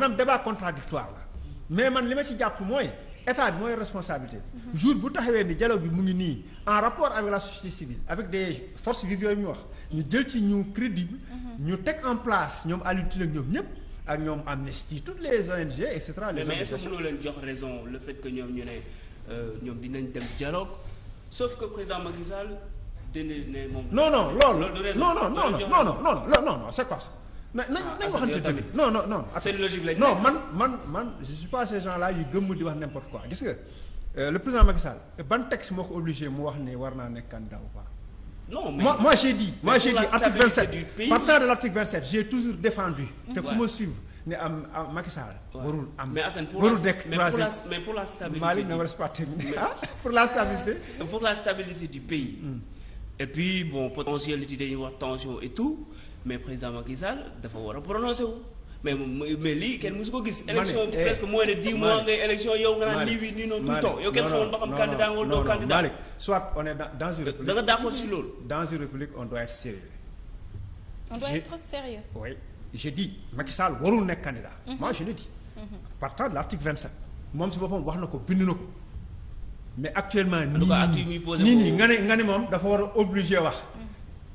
maanaam débat contradictoire la mais man li ma ci jàpp mooy état mooy responsabilité jour bu taxawee ni dialogue bi mu ngi nii en rapport avec la société civile avec des forces vives yooyu ñu wax ñu jël ci ñu crédible ñu teg en place ñoom Alioune Tine ak ñoom ñëpp ak ñoom Amnesty toutes les ONG et cetera les mais est-ce que mënoo leen jox raison le fait que ñoom ñu ne euh, ñoom dinañ dem dialogue sauf que président Macky Sall dina ne moom non non loolu non non non non non non non non na nañ ah, nañ ah, waxante dëgg non non non. seen logique non man man man je suis pas ces gens là di wax n'importe quoi gis nga euh, le président Macky Sall ban texte moo ko obligé mu wax ni war naa nekk candidat ou pas. non mais moi moi j'ai dit. moi j'ai dit article 27 partant de l'article 27 j'ai toujours défendu. te ku ma suivre am am Macky warul am warul nekk troisième mais pour la mais pour la stabilité. Malick ne reste pas terminé pour la stabilité. pour la stabilité du pays. Hmm. et puis bon potentialité dañuy wax tension et tout mais président Macky dafa war a prononcé wu. mais mais lii kenn mosu ko gis. élection eh, presque moins de dix mois ngay élection yow nga naan lii bii nii noonu. tout le yow kenn xamul ba xam candidat wala doo candidat. Malick soit on est dans une république. da nga d'accord si loolu. dans moom wax na ko bind na ko. mais actuellement. nii nii nii nga ne nga ne moom dafa war a obligé wax.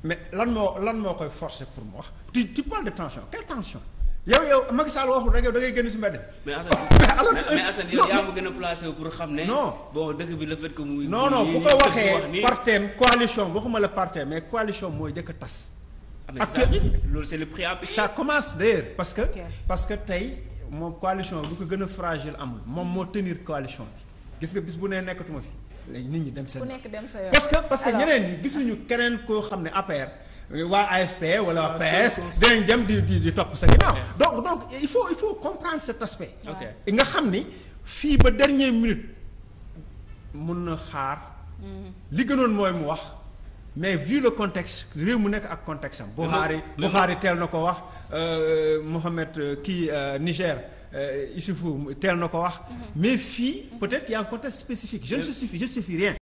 mais lan moo lan moo koy force pour mu wax. tu tu parles de tension quelle tension. yow yow Macky Sall waxul rek yow da ngay génn si mbedd. mais Assane yow yaa ma gën a placé pour xam ne. non bon dëkk bi le fait que muy. non non bu ko waxee parteem coalition waxuma la parteem mais coalition mooy jëkk a tas. actuellement ah, mais ça risque loolu c'est le prix à payer. ça commence d'ailleurs parce que. parce que tey moom coalition bu ko gën a fragile amul moom moo tenir coalition bi. gis nga bis bu nee nekkatuma fi léegi nit ñi dem seen. ku nekk dem sa yoon parce que parce que ñeneen ñi gisuñu keneen koo xam ne APR. Euh, waa AFP wala waa PS dinañ dem di di di topp sa ginnaaw. donc donc il faut il faut comprendre cet aspect. ok nga xam ni fii ba dernière minute mun na xaar. Mm-hmm. li gënoon mooy mu wax. mais vu le contexte réew mu nekk ak contexte am. Buhari Buhari teel na ko wax euh, Mohamed euh, kii Niger. Issoufou teel na ko wax. mais fii peut-être y a un spécifique je ne justifie je ne rien.